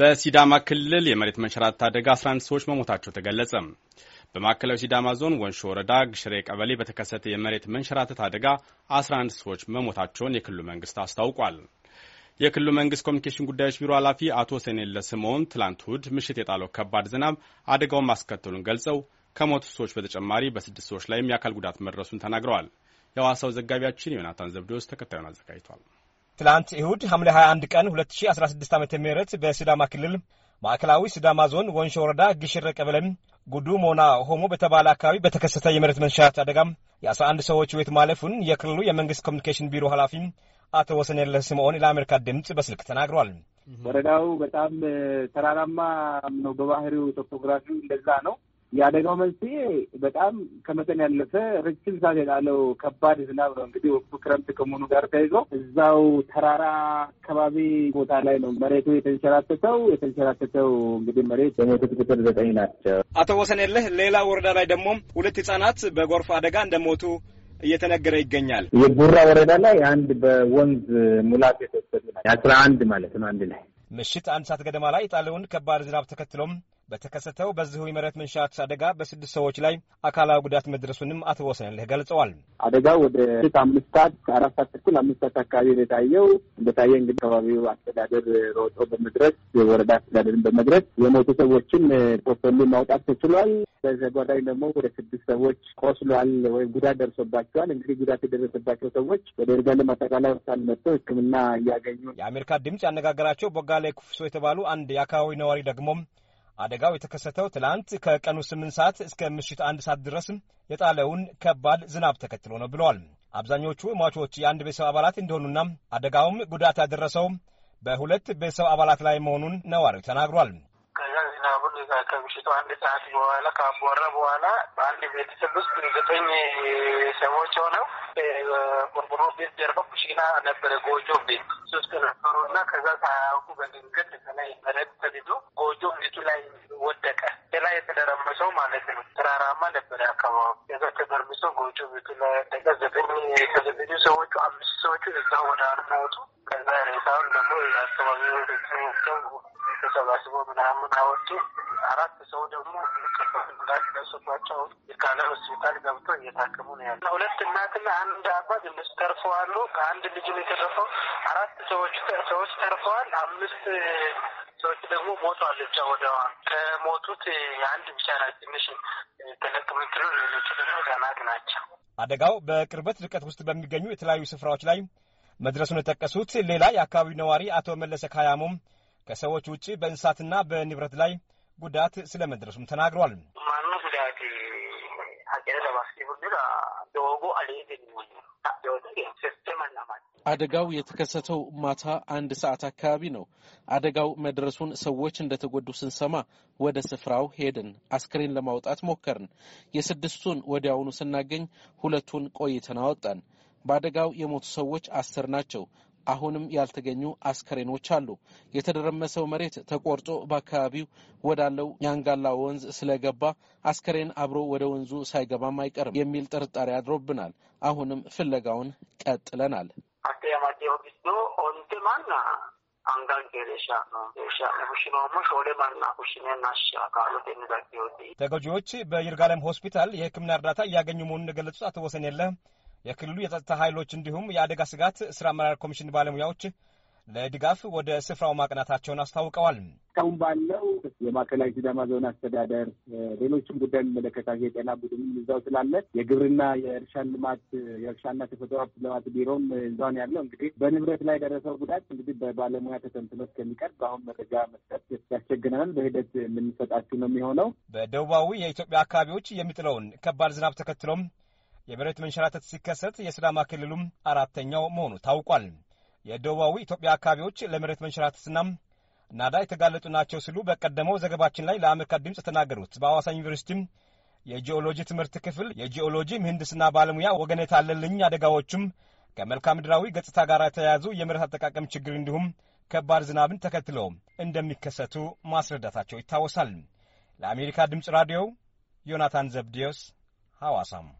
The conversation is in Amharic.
በሲዳማ ክልል የመሬት መንሸራተት አደጋ 11 ሰዎች መሞታቸው ተገለጸ። በማዕከላዊ ሲዳማ ዞን ወንሾ ወረዳ ግሽሬ ቀበሌ በተከሰተ የመሬት መንሸራተት አደጋ 11 ሰዎች መሞታቸውን የክልሉ መንግስት አስታውቋል። የክልሉ መንግስት ኮሚኒኬሽን ጉዳዮች ቢሮ ኃላፊ አቶ ሰኔለ ስምዖን ትላንት እሁድ ምሽት የጣለው ከባድ ዝናብ አደጋውን ማስከተሉን ገልጸው ከሞቱ ሰዎች በተጨማሪ በስድስት ሰዎች ላይም የአካል ጉዳት መድረሱን ተናግረዋል። የዋሳው ዘጋቢያችን ዮናታን ዘብዴዎስ ተከታዩን አዘጋጅቷል። ትላንት እሁድ ሐምሌ 21 ቀን 2016 ዓ ም በሲዳማ ክልል ማዕከላዊ ሲዳማ ዞን ወንሾ ወረዳ ግሽረ ቀበሌም ጉዱ ሞና ሆሞ በተባለ አካባቢ በተከሰተ የመሬት መንሻት አደጋም የ11 ሰዎች ሕይወት ማለፉን የክልሉ የመንግስት ኮሚኒኬሽን ቢሮ ኃላፊ አቶ ወሰንየለህ ስምዖን ለአሜሪካ ድምፅ በስልክ ተናግሯል። ወረዳው በጣም ተራራማ ነው፣ በባህሪው ቶፖግራፊ እንደዛ ነው። የአደጋው መንስኤ በጣም ከመጠን ያለፈ ረጅም ሰዓት የጣለው ከባድ ዝናብ ነው። እንግዲህ ወቅቱ ክረምት ከመሆኑ ጋር ተይዞ እዛው ተራራ አካባቢ ቦታ ላይ ነው መሬቱ የተንሸራተተው። የተንሸራተተው እንግዲህ መሬት በሞቱ ቁጥር ዘጠኝ ናቸው። አቶ ወሰንየለህ፣ ሌላ ወረዳ ላይ ደግሞ ሁለት ህጻናት በጎርፍ አደጋ እንደሞቱ እየተነገረ ይገኛል። የቡራ ወረዳ ላይ አንድ በወንዝ ሙላት የተወሰዱ አስራ አንድ ማለት ነው አንድ ላይ ምሽት አንድ ሰዓት ገደማ ላይ የጣለውን ከባድ ዝናብ ተከትሎም በተከሰተው በዚሁ የመሬት መንሻት አደጋ በስድስት ሰዎች ላይ አካላዊ ጉዳት መድረሱንም አቶ ወሰንልህ ገልጸዋል። አደጋው ወደ ት አምስት ሰዓት አራት ሰዓት ተኩል አምስት ሰዓት አካባቢ የታየው እንደታየ እንግዲህ አካባቢው አስተዳደር ሮጦ በመድረስ የወረዳ አስተዳደርን በመድረስ የሞቱ ሰዎችን ቆሰሉ ማውጣት ተችሏል። በተጓዳኝ ደግሞ ወደ ስድስት ሰዎች ቆስሏል ወይም ጉዳት ደርሶባቸዋል። እንግዲህ ጉዳት የደረሰባቸው ሰዎች ወደ ይርጋለም አጠቃላይ ሆስፒታል መጥተው ሕክምና እያገኙ የአሜሪካ ድምፅ ያነጋገራቸው ቦጋሌ ኩፍሶ የተባሉ አንድ የአካባቢ ነዋሪ ደግሞም አደጋው የተከሰተው ትላንት ከቀኑ ስምንት ሰዓት እስከ ምሽት አንድ ሰዓት ድረስ የጣለውን ከባድ ዝናብ ተከትሎ ነው ብለዋል። አብዛኞቹ ሟቾች የአንድ ቤተሰብ አባላት እንደሆኑና አደጋውም ጉዳት ያደረሰው በሁለት ቤተሰብ አባላት ላይ መሆኑን ነዋሪው ተናግሯል። ከዛ ከምሽቱ አንድ ሰዓት በኋላ ካቦረ በኋላ በአንድ ቤተሰብ ውስጥ ዘጠኝ ሰዎች ሆነው ቆርቆሮ ቤት ጀርባ ኩሽና ነበረ፣ ጎጆ ቤት ሶስት ነበሩ እና ከዛ ሳያውቁ በድንገት ከላይ መሬት ተልዞ ጎጆ ቤቱ ላይ ወደቀ። ሌላ የተደረመሰው ማለት ነው። ተራራማ ነበረ አካባቢ። ከዛ ተደርምሶ ጎጆ ቤቱ ላይ ወደቀ። ዘጠኝ ከዘጠኙ ሰዎቹ አምስት ሰዎቹ እዛ ወደ አርሞቱ ከዛ ሬሳውን ደግሞ አካባቢ ተሰባስቦ ምናምን አወጡ። አራት ሰው ደግሞ ጉዳት ደርሶባቸው የካለ ሆስፒታል ገብቶ እየታከሙ ነው ያለ። ሁለት እናትና አንድ አባት እነሱ ተርፈዋሉ። ከአንድ ልጅ ነው የተረፈው። አራት ሰዎች ሰዎች ተርፈዋል። አምስት ሰዎች ደግሞ ሞቷል። ብቻ ወደዋ ከሞቱት የአንድ ብቻ ና ትንሽ ተለቅምትሉ፣ ሌሎቹ ደግሞ ህጻናት ናቸው። አደጋው በቅርበት ርቀት ውስጥ በሚገኙ የተለያዩ ስፍራዎች ላይ መድረሱን የጠቀሱት ሌላ የአካባቢው ነዋሪ አቶ መለሰ ካያሞም ከሰዎች ውጭ በእንስሳትና በንብረት ላይ ጉዳት ስለመድረሱም ተናግሯል። አደጋው የተከሰተው ማታ አንድ ሰዓት አካባቢ ነው። አደጋው መድረሱን ሰዎች እንደተጎዱ ስንሰማ ወደ ስፍራው ሄድን። አስክሬን ለማውጣት ሞከርን። የስድስቱን ወዲያውኑ ስናገኝ ሁለቱን ቆይተን አወጣን። በአደጋው የሞቱ ሰዎች አስር ናቸው። አሁንም ያልተገኙ አስከሬኖች አሉ። የተደረመሰው መሬት ተቆርጦ በአካባቢው ወዳለው ያንጋላ ወንዝ ስለገባ አስከሬን አብሮ ወደ ወንዙ ሳይገባም አይቀርም የሚል ጥርጣሬ አድሮብናል። አሁንም ፍለጋውን ቀጥለናል። ተጎጂዎች በይርጋለም ሆስፒታል የሕክምና እርዳታ እያገኙ መሆኑን የገለጹት አቶ ወሰን የለህ የክልሉ የጸጥታ ኃይሎች እንዲሁም የአደጋ ስጋት ስራ አመራር ኮሚሽን ባለሙያዎች ለድጋፍ ወደ ስፍራው ማቅናታቸውን አስታውቀዋል። እስካሁን ባለው የማዕከላዊ ሲዳማ ዞን አስተዳደር፣ ሌሎችም ጉዳይ የሚመለከታቸው የጤና ቡድን እዛው ስላለ የግብርና የእርሻን ልማት የእርሻና ተፈጥሮ ሀብት ልማት ቢሮም እዛውን ያለው እንግዲህ በንብረት ላይ ደረሰው ጉዳት እንግዲህ በባለሙያ ተተንትኖ እስከሚቀርብ በአሁን መረጃ መስጠት ያስቸግረናል። በሂደት የምንሰጣችሁ ነው የሚሆነው። በደቡባዊ የኢትዮጵያ አካባቢዎች የሚጥለውን ከባድ ዝናብ ተከትሎም የመሬት መንሸራተት ሲከሰት የስዳማ ክልሉም አራተኛው መሆኑ ታውቋል። የደቡባዊ ኢትዮጵያ አካባቢዎች ለመሬት መንሸራተትና ናዳ የተጋለጡ ናቸው ሲሉ በቀደመው ዘገባችን ላይ ለአሜሪካ ድምፅ የተናገሩት በአዋሳ ዩኒቨርሲቲም የጂኦሎጂ ትምህርት ክፍል የጂኦሎጂ ምህንድስና ባለሙያ ወገን የታለልኝ አደጋዎቹም ከመልክዓ ምድራዊ ገጽታ ጋር የተያያዙ የመሬት አጠቃቀም ችግር እንዲሁም ከባድ ዝናብን ተከትለው እንደሚከሰቱ ማስረዳታቸው ይታወሳል። ለአሜሪካ ድምፅ ራዲዮ ዮናታን ዘብዲዮስ ሐዋሳም